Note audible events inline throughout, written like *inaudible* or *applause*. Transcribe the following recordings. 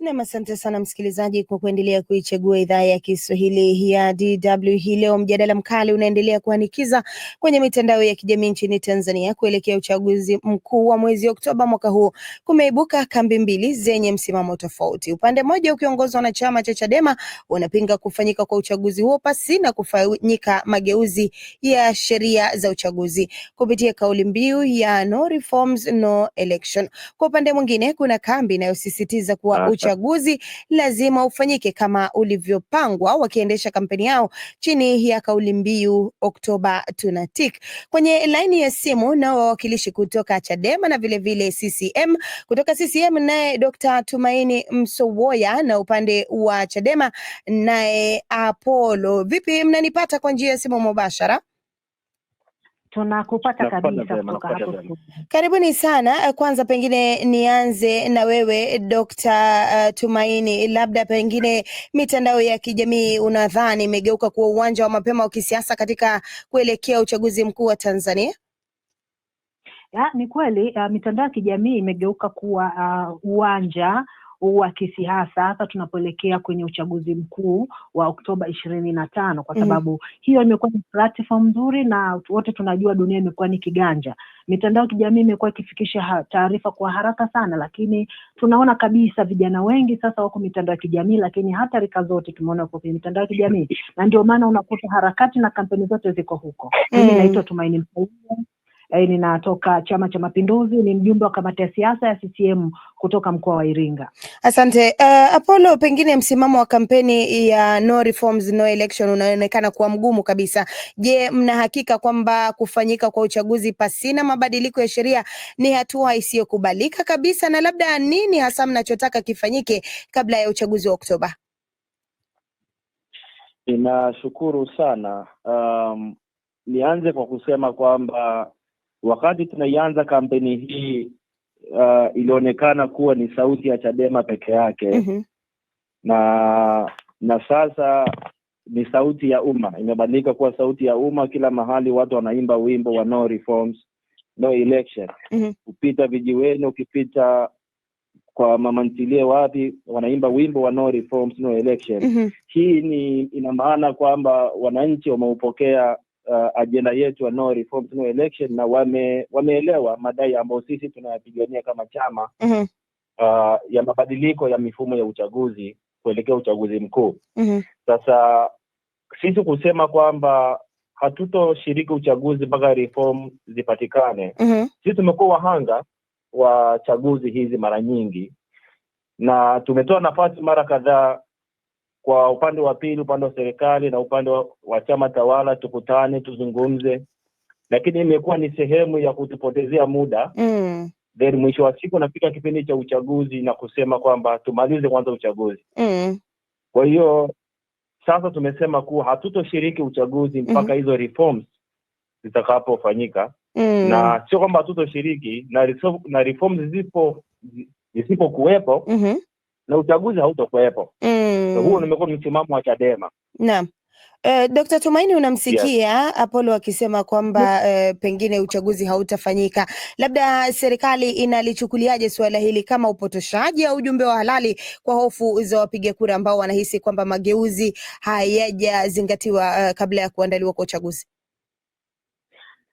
Nam, asante sana msikilizaji kwa kuendelea kuichagua idhaa ya Kiswahili ya DW hii leo. Mjadala mkali unaendelea kuanikiza kwenye mitandao ya kijamii nchini Tanzania kuelekea uchaguzi mkuu wa mwezi Oktoba mwaka huu. Kumeibuka kambi mbili zenye msimamo tofauti, upande mmoja ukiongozwa na chama cha Chadema unapinga kufanyika kwa uchaguzi huo pasi na kufanyika mageuzi ya sheria za uchaguzi kupitia kauli mbiu ya no reforms, no election. Kwa upande mwingine kuna kambi inayosisitiza kuwa uchaguzi lazima ufanyike kama ulivyopangwa, wakiendesha kampeni yao chini ya kauli mbiu Oktoba tunatik. Kwenye laini ya simu nao wawakilishi kutoka Chadema na vilevile vile CCM. Kutoka CCM naye Dkt. Tumaini Msowoya na upande wa Chadema naye Apollo. Vipi, mnanipata kwa njia ya simu mubashara? Tunakupata kabisa kutoka hapo. Karibuni sana. Eh, kwanza pengine nianze na wewe Dr. uh, eh, eh, Tumaini, labda pengine mitandao ya kijamii unadhani imegeuka kuwa uwanja wa mapema wa kisiasa katika kuelekea uchaguzi mkuu wa Tanzania? Ya, ni kweli uh, mitandao ya kijamii imegeuka kuwa uh, uwanja wa kisiasa hasa tunapoelekea kwenye uchaguzi mkuu wa Oktoba ishirini na tano kwa mm. sababu mm -hmm. hiyo imekuwa ni platform nzuri, na wote tunajua dunia imekuwa ni kiganja. Mitandao ya kijamii imekuwa ikifikisha taarifa kwa haraka sana, lakini tunaona kabisa vijana wengi sasa wako mitandao ya kijamii, lakini hata rika zote tumeona wako kwenye mitandao ya kijamii, *laughs* na ndio maana unakuta harakati na kampeni zote ziko huko. Mimi mm naitwa Tumaini Msauda eh, ninatoka Chama cha Mapinduzi, ni mjumbe wa kamati ya siasa ya CCM kutoka mkoa wa Iringa. Asante uh, Apollo, pengine msimamo wa kampeni ya no reforms, no election unaonekana kuwa mgumu kabisa. Je, mna hakika kwamba kufanyika kwa uchaguzi pasina mabadiliko ya sheria ni hatua isiyokubalika kabisa, na labda nini hasa mnachotaka kifanyike kabla ya uchaguzi wa Oktoba? Ninashukuru sana um, nianze kwa kusema kwamba Wakati tunaianza kampeni hii uh, ilionekana kuwa ni sauti ya Chadema peke yake mm -hmm. na na sasa ni sauti ya umma, imebadilika kuwa sauti ya umma. Kila mahali watu wanaimba wimbo wa no reforms no election mm -hmm. vijiweni, ukipita kwa mamantilie, wapi, wanaimba wimbo wa no reforms no election mm -hmm. Hii ni ina maana kwamba wananchi wameupokea uh, ajenda yetu ya no reforms no election, na wame, wameelewa madai ambayo sisi tunayapigania kama chama mm -hmm. uh, ya mabadiliko ya mifumo ya uchaguzi kuelekea uchaguzi mkuu mm -hmm. Sasa sisi kusema kwamba hatutoshiriki uchaguzi mpaka reform zipatikane mm -hmm. Sisi tumekuwa wahanga wa chaguzi hizi mara nyingi na tumetoa nafasi mara kadhaa kwa upande wa pili, upande wa serikali na upande wa chama tawala, tukutane tuzungumze, lakini imekuwa ni sehemu ya kutupotezea muda mm. Then mwisho wa siku nafika kipindi cha uchaguzi na kusema kwamba tumalize kwanza uchaguzi mm. Kwa hiyo sasa tumesema kuwa hatutoshiriki uchaguzi mm-hmm. mpaka mm -hmm. hizo reforms zitakapofanyika mm. na sio kwamba hatutoshiriki na, na reforms zisipokuwepo mm -hmm na uchaguzi hautokuwepo. mm. So, huo nimekuwa msimamo wa Chadema. Naam. Eh, Dkt. Tumaini unamsikia yes. Apollo akisema kwamba eh, pengine uchaguzi hautafanyika. Labda serikali inalichukuliaje suala hili kama upotoshaji au ujumbe wa halali kwa hofu za wapiga kura ambao wanahisi kwamba mageuzi hayajazingatiwa eh, kabla ya kuandaliwa kwa uchaguzi?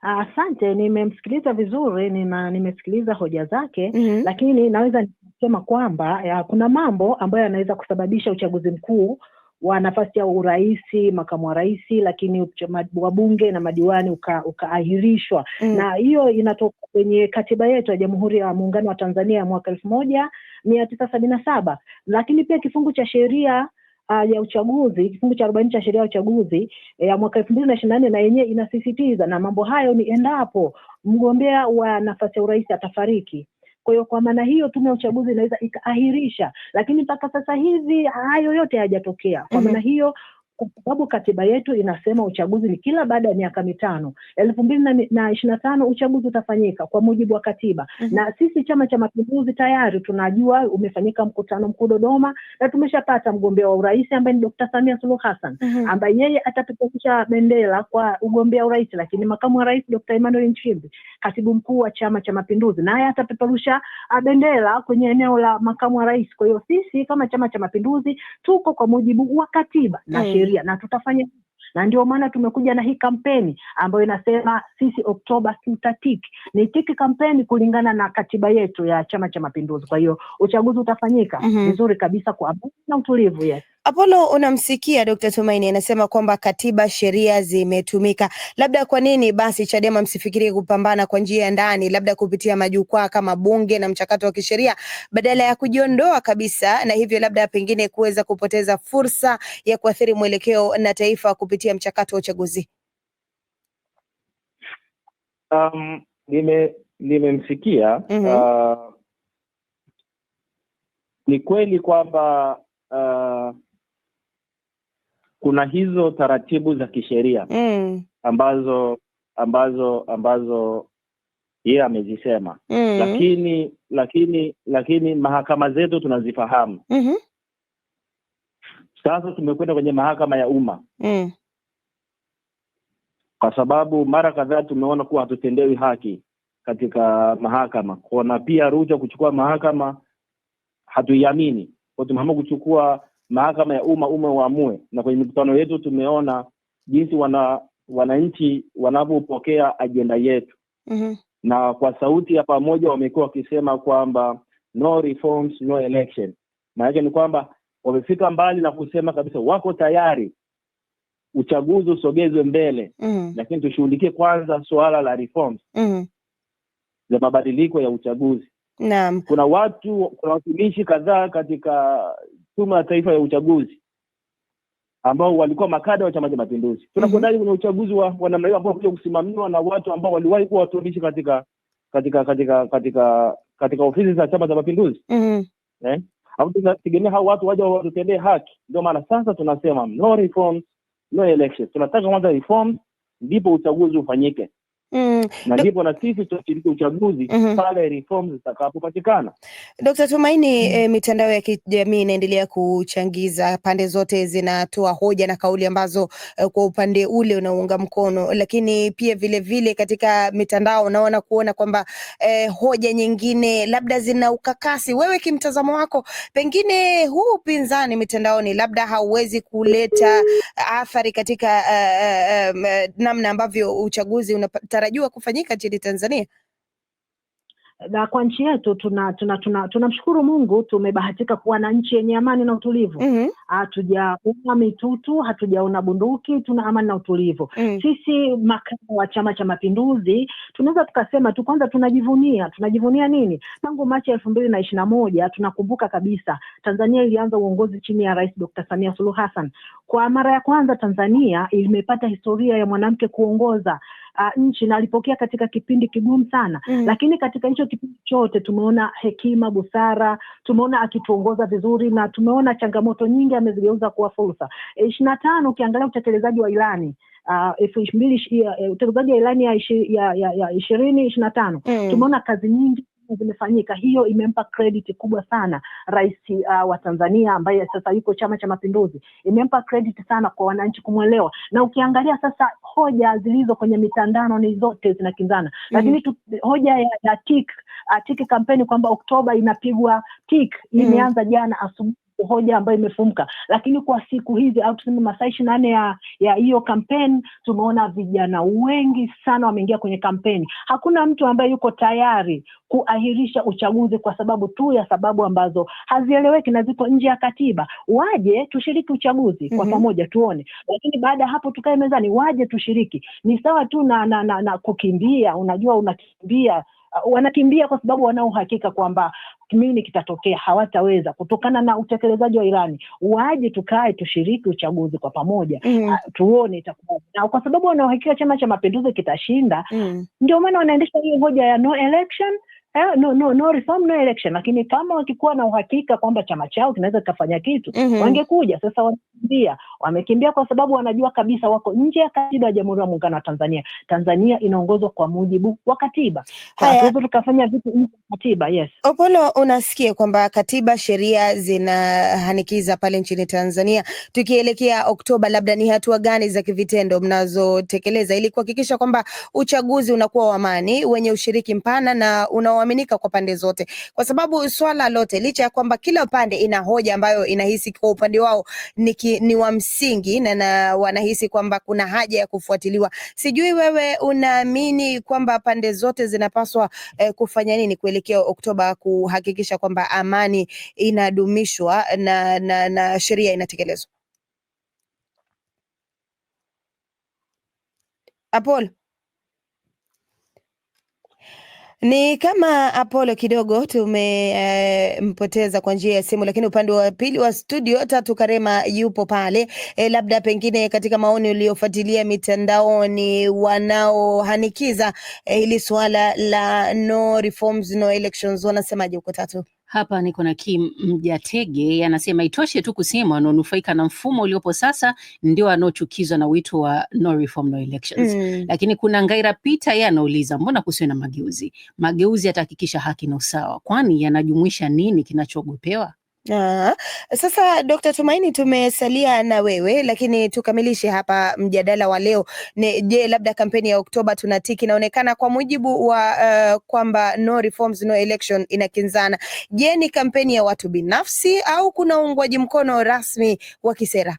Asante, nimemsikiliza vizuri, nina nimesikiliza hoja zake mm -hmm. Lakini naweza kusema kwamba ya, eh, kuna mambo ambayo yanaweza kusababisha uchaguzi mkuu wa nafasi ya urais, makamu wa rais, lakini wabunge na madiwani ukaahirishwa uka mm. na hiyo inatoka kwenye katiba yetu ya Jamhuri ya Muungano wa Tanzania ya mwaka elfu moja mia tisa sabini na saba lakini pia kifungu cha sheria Uh, ya uchaguzi kifungu cha arobaini cha sheria ya uchaguzi eh, ya mwaka elfu mbili na ishirini na nne na yenyewe inasisitiza, na mambo hayo ni endapo mgombea wa nafasi ya urais atafariki kwa hiyo kwa maana hiyo tume ya uchaguzi inaweza ikaahirisha, lakini mpaka sasa hivi hayo yote hayajatokea. Kwa mhm. maana hiyo kwa sababu katiba yetu inasema uchaguzi ni kila baada ya miaka mitano. elfu mbili na ishirini na tano uchaguzi utafanyika kwa mujibu wa katiba mm -hmm. na sisi Chama cha Mapinduzi tayari tunajua, umefanyika mkutano mkuu Dodoma na tumeshapata mgombea wa urais ambaye ni Dkt. Samia Suluhu Hassan mm -hmm. ambaye yeye atapeperusha bendera kwa ugombea urais, lakini makamu wa rais Dkt. Emmanuel Nchimbi, katibu mkuu wa Chama cha Mapinduzi, naye atapeperusha ah, bendera kwenye eneo la makamu wa rais. Kwa hiyo sisi kama Chama cha Mapinduzi tuko kwa mujibu wa katiba mm -hmm. na eh sheria na tutafanya na ndio maana tumekuja na hii kampeni ambayo inasema sisi Oktoba tutatiki. Ni tiki kampeni kulingana na katiba yetu ya Chama cha Mapinduzi. Kwa hiyo uchaguzi utafanyika mhm. vizuri mm -hmm. kabisa kwa amani na utulivu. Yes. Apollo, unamsikia Dr. Tumaini anasema kwamba katiba, sheria zimetumika. Labda kwa nini basi Chadema msifikirie kupambana kwa njia ya ndani, labda kupitia majukwaa kama bunge na mchakato wa kisheria badala ya kujiondoa kabisa, na hivyo labda pengine kuweza kupoteza fursa ya kuathiri mwelekeo na taifa kupitia mchakato wa uchaguzi? Um, nime nimemsikia mm -hmm. Uh, ni kweli kwamba kuna hizo taratibu za kisheria mm. ambazo ambazo ambazo yeye yeah, amezisema mm. lakini lakini lakini mahakama zetu tunazifahamu mm -hmm. Sasa tumekwenda kwenye mahakama ya umma mm. kwa sababu mara kadhaa tumeona kuwa hatutendewi haki katika mahakama kona, pia ruja kuchukua mahakama hatuiamini, kwa tumeamua kuchukua mahakama ya umma umwe uamue. Na kwenye mikutano yetu tumeona jinsi wana wananchi wanavyopokea ajenda yetu mm -hmm. na kwa sauti ya pamoja wamekuwa wakisema kwamba no reforms, no election. Maana yake ni kwamba wamefika mbali na kusema kabisa wako tayari uchaguzi usogezwe mbele mm -hmm. lakini tushughulikie kwanza suala la reforms mm -hmm. za mabadiliko ya uchaguzi. Naam. Kuna watu kuna watumishi kadhaa katika Tume ya Taifa ya Uchaguzi ambao walikuwa makada wa Chama cha Mapinduzi. Tunakwendaje kwenye uchaguzi wa, wa namna hiyo ambao kuja kusimamiwa na watu ambao waliwahi kuwa watumishi katika katika katika katika katika ofisi za Chama cha Mapinduzi mm -hmm. eh? Tunategemea hao watu waje watutendee haki. Ndio maana sasa tunasema no reforms, no elections. Tunataka kwanza reforms ndipo uchaguzi ufanyike. Mm, na hivyo na sisi tutashiriki uchaguzi mm -hmm. pale reforms zitakapopatikana. Dkt. Tumaini, mm. e, mitandao ya kijamii inaendelea kuchangiza, pande zote zinatoa hoja na kauli ambazo e, kwa upande ule unaunga mkono, lakini pia vilevile vile katika mitandao unaona kuona kwamba e, hoja nyingine labda zina ukakasi. Wewe kimtazamo wako, pengine huu upinzani mitandaoni labda hauwezi kuleta athari katika uh, uh, uh, namna ambavyo uchaguzi unapata wanajua kufanyika nchini Tanzania? Na kwa nchi yetu tunamshukuru tuna, tuna, tuna Mungu tumebahatika kuwa na nchi yenye amani na utulivu. Mhm. Hatujaona mm -hmm. mitutu, hatujaona bunduki, tuna amani na utulivu mm -hmm. Sisi makao wa Chama cha Mapinduzi tunaweza tukasema tu, kwanza tunajivunia. Tunajivunia nini? Tangu Machi elfu mbili na ishirini na moja tunakumbuka kabisa Tanzania ilianza uongozi chini ya Rais Dr. Samia Suluhu Hassan. Kwa mara ya kwanza Tanzania imepata historia ya mwanamke kuongoza uh, nchi na alipokea katika kipindi kigumu sana mm. Lakini katika hicho kipindi chote tumeona hekima, busara, tumeona akituongoza vizuri na tumeona changamoto nyingi amezigeuza kuwa fursa. Ishirini na tano, ukiangalia utekelezaji wa ilani uh, elfu uh, mbili utekelezaji wa ilani ya ishirini ishiri na tano mm. Tumeona kazi nyingi zimefanyika. Hiyo imempa krediti kubwa sana rais uh, wa Tanzania ambaye sasa yuko Chama cha Mapinduzi, imempa krediti sana kwa wananchi kumwelewa, na ukiangalia sasa hoja zilizo kwenye mitandao ni zote zinakinzana, mm. lakini mm. hoja ya, ya tik uh, tik kampeni kwamba Oktoba inapigwa tik mm. imeanza mm. jana asubuhi hoja ambayo imefumka, lakini kwa siku hizi au tuseme masaa ishirini na nne ya ya hiyo kampeni, tumeona vijana wengi sana wameingia kwenye kampeni. Hakuna mtu ambaye yuko tayari kuahirisha uchaguzi kwa sababu tu ya sababu ambazo hazieleweki na ziko nje ya katiba. Waje tushiriki uchaguzi kwa mhm. pamoja, tuone, lakini baada ya hapo tukae mezani, waje tushiriki. Ni sawa tu na, na, na, na kukimbia. Unajua unakimbia wanakimbia kwa sababu wana uhakika kwamba nini kitatokea, hawataweza kutokana na utekelezaji wa irani Waje tukae tushiriki uchaguzi kwa pamoja mm. uh, tuone itakuwa na, kwa sababu wanaohakika Chama cha Mapinduzi kitashinda mm. Ndio maana wanaendesha hiyo hoja ya no election eh, no, no, no reform no election, lakini kama wakikuwa na uhakika kwamba chama chao kinaweza kikafanya kitu mm -hmm. wangekuja. Sasa wamekimbia, wamekimbia kwa sababu wanajua kabisa wako nje ya katiba ya Jamhuri ya Muungano wa Tanzania. Tanzania inaongozwa kwa mujibu wa katiba, hatuwezi tukafanya vitu nje ya katiba. Yes, Opolo, unasikia kwamba katiba, sheria zinahanikiza pale nchini Tanzania. Tukielekea Oktoba, labda ni hatua gani za kivitendo mnazotekeleza ili kuhakikisha kwamba uchaguzi unakuwa wa amani, wenye ushiriki mpana na unao kuaminika kwa pande zote, kwa sababu swala lote, licha ya kwamba kila upande ina hoja ambayo inahisi kwa upande wao ni, ki, ni wa msingi na, na wanahisi kwamba kuna haja ya kufuatiliwa. Sijui wewe unaamini kwamba pande zote zinapaswa eh, kufanya nini kuelekea Oktoba kuhakikisha kwamba amani inadumishwa na, na, na sheria inatekelezwa? Apolo ni kama Apollo kidogo tumempoteza e, kwa njia ya simu, lakini upande wa pili wa studio Tatu Karema yupo pale e, labda pengine katika maoni uliofuatilia mitandaoni wanaohanikiza e, hili e, suala la no reforms, no elections wanasemaje huko Tatu? Hapa niko na Kim Mjatege, anasema itoshe tu kusema wanaonufaika na mfumo uliopo sasa ndio wanaochukizwa na wito wa no reform, no elections. Mm. Lakini kuna Ngaira Pita, yeye anauliza mbona kusiwe na mageuzi? Mageuzi yatahakikisha haki na usawa, kwani yanajumuisha nini kinachogopewa? Aa, sasa Dr. Tumaini tumesalia na wewe lakini tukamilishe hapa mjadala wa leo. je, labda kampeni ya Oktoba tunatiki inaonekana kwa mujibu wa uh, kwamba no reforms no election inakinzana. Je, ni kampeni ya watu binafsi au kuna uungwaji mkono rasmi wa kisera?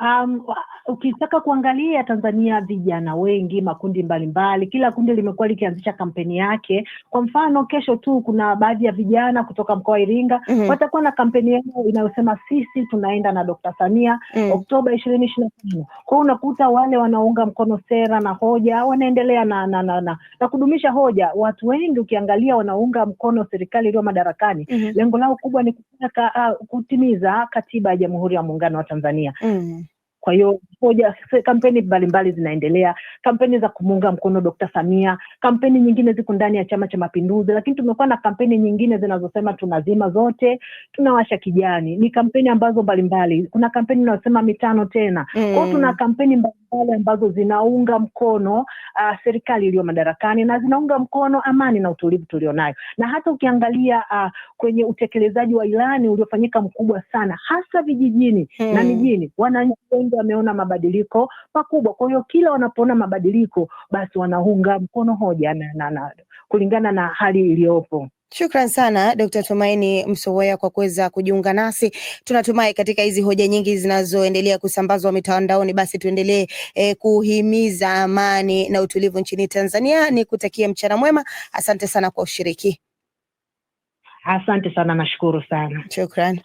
Um, ukitaka kuangalia Tanzania, vijana wengi, makundi mbalimbali mbali. Kila kundi limekuwa likianzisha kampeni yake. Kwa mfano, kesho tu kuna baadhi ya vijana kutoka mkoa wa Iringa mm -hmm. watakuwa na kampeni yao inayosema sisi tunaenda na Dkt. Samia mm -hmm. Oktoba ishirini ishirini na tano. Kwa hiyo unakuta wale wanaunga mkono sera na hoja wanaendelea na na, na, na, na kudumisha hoja. Watu wengi ukiangalia wanaunga mkono serikali iliyo madarakani mm -hmm. lengo lao kubwa ni uh, kutimiza katiba ya Jamhuri ya Muungano wa Tanzania mm -hmm. 快要。kupoja, kampeni mbalimbali zinaendelea, kampeni za kumuunga mkono Dkt. Samia, kampeni nyingine ziko ndani ya Chama cha Mapinduzi, lakini tumekuwa na kampeni nyingine zinazosema tunazima zote, tunawasha kijani. Ni kampeni ambazo mbalimbali, kuna kampeni inayosema mitano tena mm. kwao tuna kampeni mbalimbali ambazo zinaunga mkono uh, serikali iliyo madarakani na zinaunga mkono amani na utulivu tulionayo, na hata ukiangalia uh, kwenye utekelezaji wa ilani uliofanyika mkubwa sana hasa vijijini mm. na mijini, wananchi wengi wameona mabadiliko mabadiliko makubwa. Kwa hiyo kila wanapoona mabadiliko, basi wanaunga mkono hoja na, na, na, kulingana na hali iliyopo. Shukran sana Dr. Tumaini Msowea kwa kuweza kujiunga nasi. Tunatumai katika hizi hoja nyingi zinazoendelea kusambazwa mitandaoni, basi tuendelee eh, kuhimiza amani na utulivu nchini Tanzania. Ni kutakia mchana mwema, asante sana kwa ushiriki. Asante sana, nashukuru sana, shukran.